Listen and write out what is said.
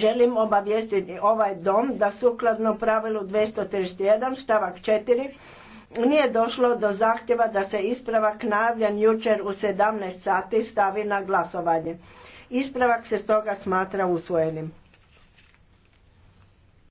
Želim obavijestiti ovaj dom da sukladno pravilu 231 stavak 4 nije došlo do zahtjeva da se ispravak najavljen jučer u 17 sati stavi na glasovanje. Ispravak se stoga smatra usvojenim.